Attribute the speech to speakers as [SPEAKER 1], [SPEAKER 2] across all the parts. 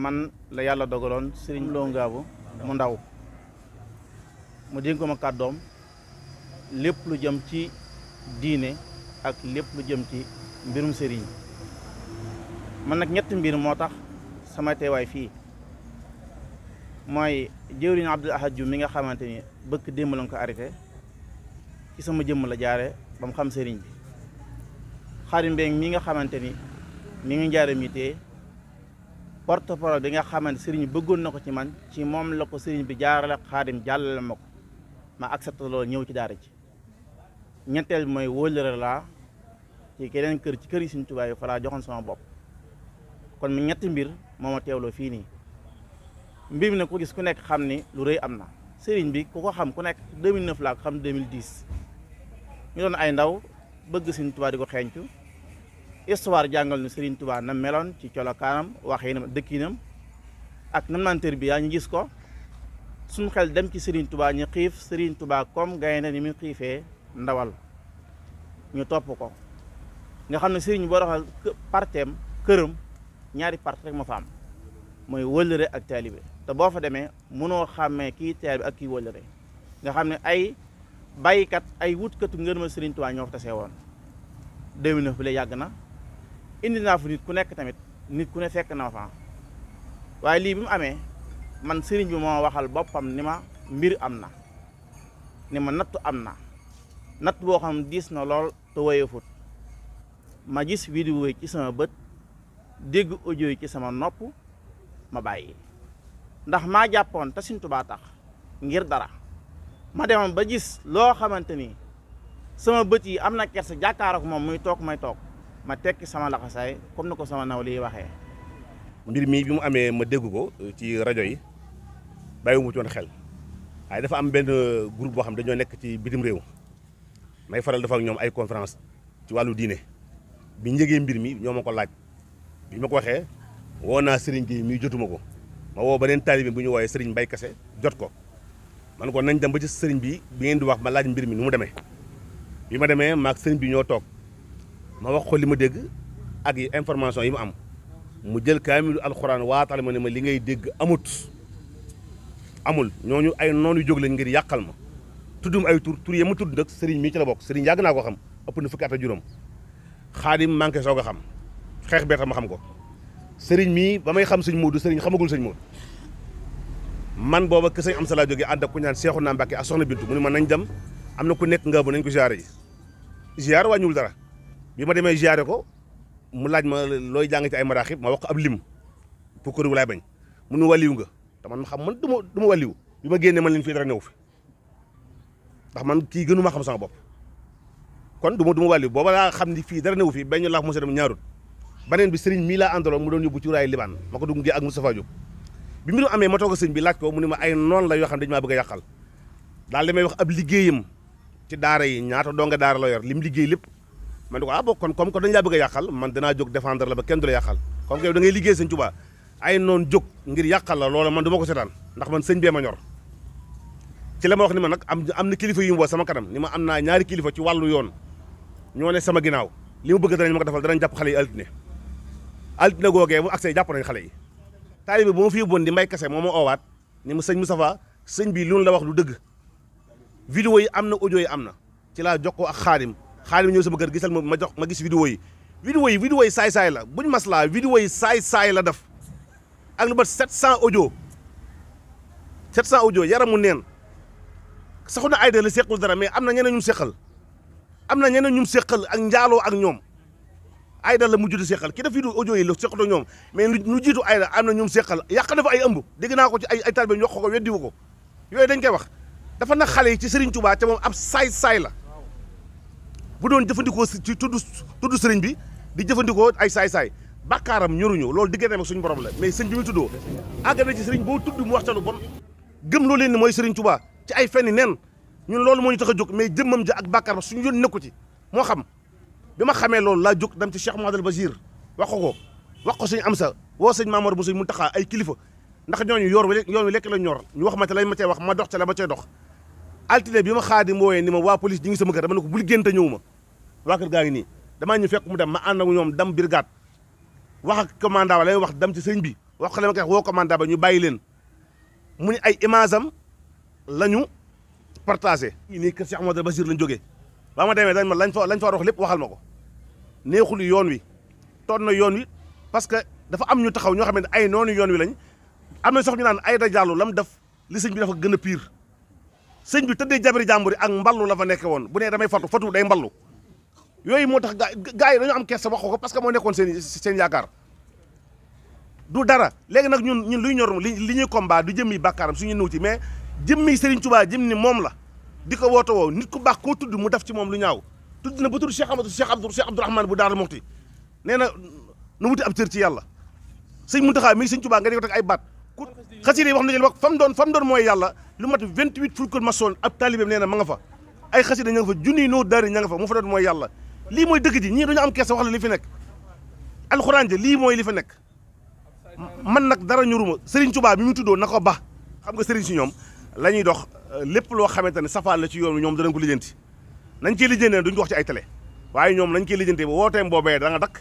[SPEAKER 1] man la yàlla dogaloon Serigne Lo Ngabou mu ndaw mu dénk ma kàddoom lépp lu jëm ci diine ak lépp lu jëm ci mbirum sëriñ man nag ñetti mbir moo tax sama teewaay fii mooy jëwriñ Abdul Ahad mi nga xamante ni bëkk démb lañ ko arrêté ci sama jëmm la jaare ba mu xam sëriñ bi mi nga xamante ni mi ngi njaare mi tee porte parole bi nga xamante sëriñ bëggoon na ko ci man ci moom la ko sëriñ bi jaarale xaadim jàllale ma ko ma accepté loolu ñëw ci daara ji ñetteel mooy wóolëre laa ci keneen kër ci kër yi suñ Tuubaa yi fa laa joxoon sama bopp kon mi ñetti mbir moo ma teewloo fii nii mbir mi ne ku gis ku nekk xam ni lu rëy am na sëriñ bi ku ko xam ku nekk 2009 laa ko xam 2010 ñu doon ay ndaw bëgg suñ Tuubaa di ko xeeñcu histoire jàngal nu Serigne tubaa na meloon ci colo colokaanam waxinam dëkkinam ak nam bi tarbiya ñu gis ko suñ xel dem ci Serigne tubaa ñu xiif Serigne Touba comme gaynde ni mu xiifee ndawal ñu topp ko nga xam ne Serigne boo doxal parteem këram ñaari part rek ma am mooy wëllëre ak taalibe te boo fa demee mënoo xàmmee kii taalibe ak kii wëllëre nga xam ne ay baykat ay wutkatu ngërma Serigne Touba ñoo fa tasee woon 2009 bi yàgg na indi naa fu nit ku nekk tamit nit ku ne fekk na ma fa waaye lii bi mu amee man sëriñ bi waxal boppam ni ma mbir am na ni ma nattu am na natt boo xam diis na lool te woyofut ma gis vidéo yi ci sama bët dégg audio ci sama nopp ma bàyyi ndax maa jàppoon te Sëriñ tax ngir dara ma demoon ba loo xamante ni sama bët yi am na kersa jàkkaar ak moom muy toog ma tekki sama laxasaay comme ni ko sama naw liy waxee.
[SPEAKER 2] mbir mii bi mu amee ma dégg ko euh, ci rajo yi bàyyiwuma ci woon xel waaye dafa am benn euh, groupe boo xam dañoo nekk ci bitim réew may faral dafa ñoom ay conférence ci wàllu diine bi njëgee mbir mi ñoo ma ko laaj bi ma ko waxee woo naa sëriñ Gueye mii jotuma ko ma woo beneen taalibe bu ñu woowee Serigne Mbaye Kassé jot ko man ko nañ dem ba ci Serigne bi bi ngeen di wax ma laaj mbir mi nu mu demee bi ma demee maag Serigne bi ñoo toog. ma wax ko li ma dégg ak i information yi mu am mu jël kaamilu alxuraan waa ma ne ma li ngay dégg amut amul ñooñu ay noonu yu jóg lañ ngir yàqal ma tuddum ay tur tur yi ma tudd nag sëriñ mii ci la bokk sëriñ yàgg naa ko xam ëpp na fukki at ak juróom xaadim manqué soog a xam xeex bee tax xam ko sëriñ mii ba may xam sëñ Moodu sëriñ xamagul sëñ Moodu man booba ke am sa laa jóge ak ku ñaan seexu naa Mbàkke ak soxna Bintu mu ne ma nañ dem am na ku nekk nga bu nañ ko ziyaare ji ziyaar dara bi ma demee ziare ko mu laaj ma looy jàng ci ay maraaxib ma wax ab lim pour ko laay bañ mu nu wàlliw nga te man xam man du ma du ma wàlliw ma génnee man leen fii dara néew fi ndax man kii gënu ma xam sama bopp kon du ma du ma wàlliw booba laa xam ni fii dara néew fi benn laax monsieur dem ñaarut beneen bi sëriñ mii laa àndaloon mu doon yóbbu ci raay libaan ma ko duggee ak Moustapha Diop bi mu amee ma toog sëñ bi laaj ko mu ne ma ay noon la yoo xam ne bëgg a yàqal daal damay wax ab liggéeyam ci daara ñaata donga daara la yor li mu liggéey lépp man di ko ah bokk kon comme que dañu laa bëgg a man danaa jóg défendre la ba kenn du la yàqal comme que liggéey sëñ Tuubaa ay noon jóg ngir yàqal la loola man du ma ko seetaan ndax man sëñ bee ma ñor ci la ma wax ni ma nag am am na kilifa yu mu woo sama kanam ni ma am naa ñaari kilifa ci wàllu yoon ñoo ne sama ginnaaw li mu bëgg danañ ma ko defal jàpp xale yi altine altine googee bu accès jàpp nañ xale yi taalibe bu ma fi yóbboon di mbay kese moom ma oowaat ni ma sëñ Moustapha sëñ bi loolu la wax lu dëgg vidéo yi am na audio yi am na ci laa jokkoo ak xaadim xaalim ñëw sama kër gisal ma ma jox ma gis vidéo yi vidéo yi vidéo yi saay-saay la buñ maslaa vidéo yi saay-saay la def ak lu bat 700 audio 700 yaram mu neen saxu na ay de la sequl dara mais am na ñeneen ñu seqal am na ñeneen ñu seqal ak njaaloo ak ñoom Aïda la mujj di seqal ki def vidéo audio yi la seqatoo ñoom mais lu jiitu Aïda am na ñoom seqal yàq dafa ay ëmb dégg naa ko ci ay ay talibé ñu ko ko weddiwu ko yooy dañ koy wax dafa na xale yi ci Serigne Touba ca moom ab saay-saay la bu doon jëfandikoo ci tudd tudd sëriñ bi di jëfandikoo ay saay-saay bakaaram bàkkaaram ñoruñu loolu digganteem ak suñu borom la mais sëñ bi muy tuddoo àgg na ci sëriñ boo tudd mu waxtaanu bon gëm loo leen ni mooy sëriñ Tuubaa ci ay fenn neen ñun loolu moo ñu tax a jóg mais jëmmam ja ak bàkkaaram suñu yoon nekku ci moo xam bi ma xamee loolu laa jóg dem ci Cheikh Mouhamadoul Bachir wax ko ko wax ko sëñ Amsa woo sëñ Maamor bu sëñ Muntaxa ay kilifa ndax ñooñu yoor wi yoon la ñor ñu wax ma te lañ ma cay wax ma dox ca waa kër gaa ngi nii damaa ñu fekk mu dem ma ànd ak ñoom dem brigade wax ak commandant ba lay wax dem ci sëñ bi wax ko woo commandant ba ñu bàyyi leen mu ni ay image am la ñu partagé. ñu nii moo Cheikh Amadou Bachir lañ jógee ba ma demee dañ ma lañ fa lañ fa lépp waxal ma ko neexul yoon wi toon na yoon wi parce que dafa am ñu taxaw ñoo xam ne ay noonu yoon wi lañ am na sox ñu naan ay da jàllu lam def li sëñ bi dafa gën piir pire sëñ bi tëddee jabari jàmbur yi ak mballu la fa nekke nee damay fatu fatu day mballu yooyu moo tax gars yi dañu am kersa waxu ko parce que moo nekkoon seen seen yaakaar du dara léegi nag ñun ñun luy ñor li li ñuy combat du jëmmi bàkkaaram suñu nëw ci mais jëmmi Serigne Touba jëm ni moom la di ko wooto woo nit ku baax koo tudd mu def ci moom lu ñaaw tudd na ba tudd Cheikh Amadou Cheikh Abdou Cheikh Abdourahmane bu Daaru Muxti nee na nu wuti ab cër ci yàlla sëñ Muntaxa mi sëñ Touba nga di ko teg ay baat ku xasida yi wax na jël lu mat 28 fulkul masoon ab taalibeem nee na nga fa ay xasida ña fa junniy noo daari ña fa mu fa doon mooy yàlla lii mooy dëkk ji ñii dañu am kees wax la li fi nekk alxuraan ji lii mooy li fi nekk man nag dara ñuruma Serigne Touba bi mu tuddoo na ko ba xam nga sëriñ si ñoom la ñuy dox euh, lépp loo xamante ne safaan la ci yoon ñoom danañ ko lijjanti nañ ciy lijjantee duñ ko wax ci ay télé waaye ñoom nañ ciy lijjantee ba wooteem boobee da nga dakk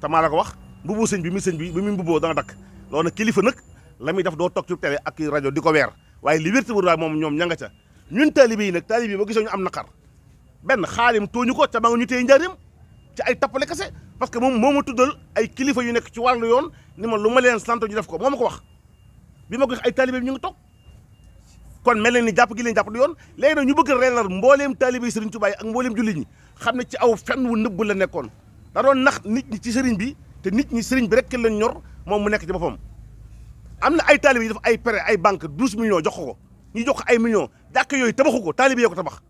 [SPEAKER 2] te maa la wax mbubu sëñ bi mi sëñ bi mu mi mbuboo da nga dakk loolu nag kilifa nag la muy def doo toog ci télé ak rajo di ko weer waaye li wérta wër moom ñoom ña nga ca ñun taalibe yi nag taalibe yi ba gisoo ñu am naqar benn xaalim tooñu ko ca ma nga ñu tey ay ci ay tappale kese parce que moom moo ma tuddal ay kilifa yu nekk ci wàllu yoon ni ma lu ma leen sant ñu def ko moo ma ko wax bi ma ko ay taalibe ñu ngi toog kon mel na ni jàpp gi leen jàpp du yoon léegi nag ñu bëgg reelar mbooleem taalibe yi Sëriñ Tuubaa yi ak mbooleem jullit ñi xam ne ci aw fenn wu nëbb la nekkoon da nax nit ñi ci sëriñ bi te nit ñi sëriñ bi rek lañ ñor moom mu nekk ci boppam am na ay taalibe yi def ay prêt ay banque douze millions jox ko ko ñu jox ay millions jàkk yooyu tabaxu ko taalibe yoo ko tabax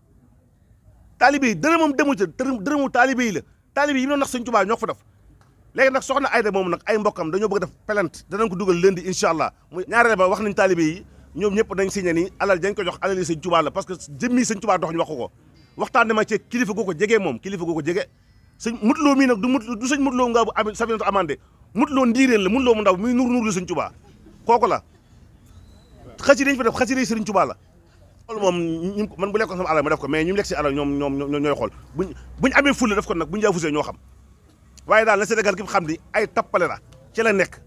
[SPEAKER 2] taalibe yi dërëmam demu ca dërëmu taalibe yi la taalibe yi mu nax sëñ Tuubaa ñoo ko fa def léegi nag soxna Ayda moom nag ay mbokkam dañoo bëgg def plainte danañ ko dugal lundi incha allah muy ñaareel ba wax nañ taalibe yi ñoom ñëpp dañ alal dañ ko jox alal yi sëñ la parce que jëmmi sëñ Tuubaa dox ñu wax ko waxtaan dama ci kilifa goo ko jegee moom kilifa goo ko jegee sëñ mutloo nag du mut du sëñ mutloo ngaa bu am sabinatu amande mutloo ndiiréen la mutloo mu ndaw muy nur nur lu sëñ la loolu moom ñun man bu lekkoon sama alal ma def ko mais ñu lekk si alal ñoom ñoom ñooy xool buñ buñ amee nag buñ jaafusee ñoo xam waaye daal la Sénégal gi xam ni ay tappale la nekk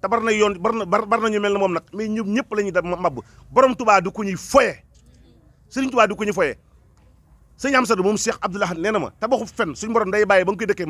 [SPEAKER 2] te bar na yoon bar na bar na ñu mel ne moom nag mais ñoom ñëpp la ñuy def mab borom Tuubaa du ku ñuy foye Sëriñ Tuubaa du ku ñuy foye sëñ Amsadu moom Cheikh Abdoulaye nee na ma tabaxu fenn suñu borom day bàyyi ba nga koy dëkkee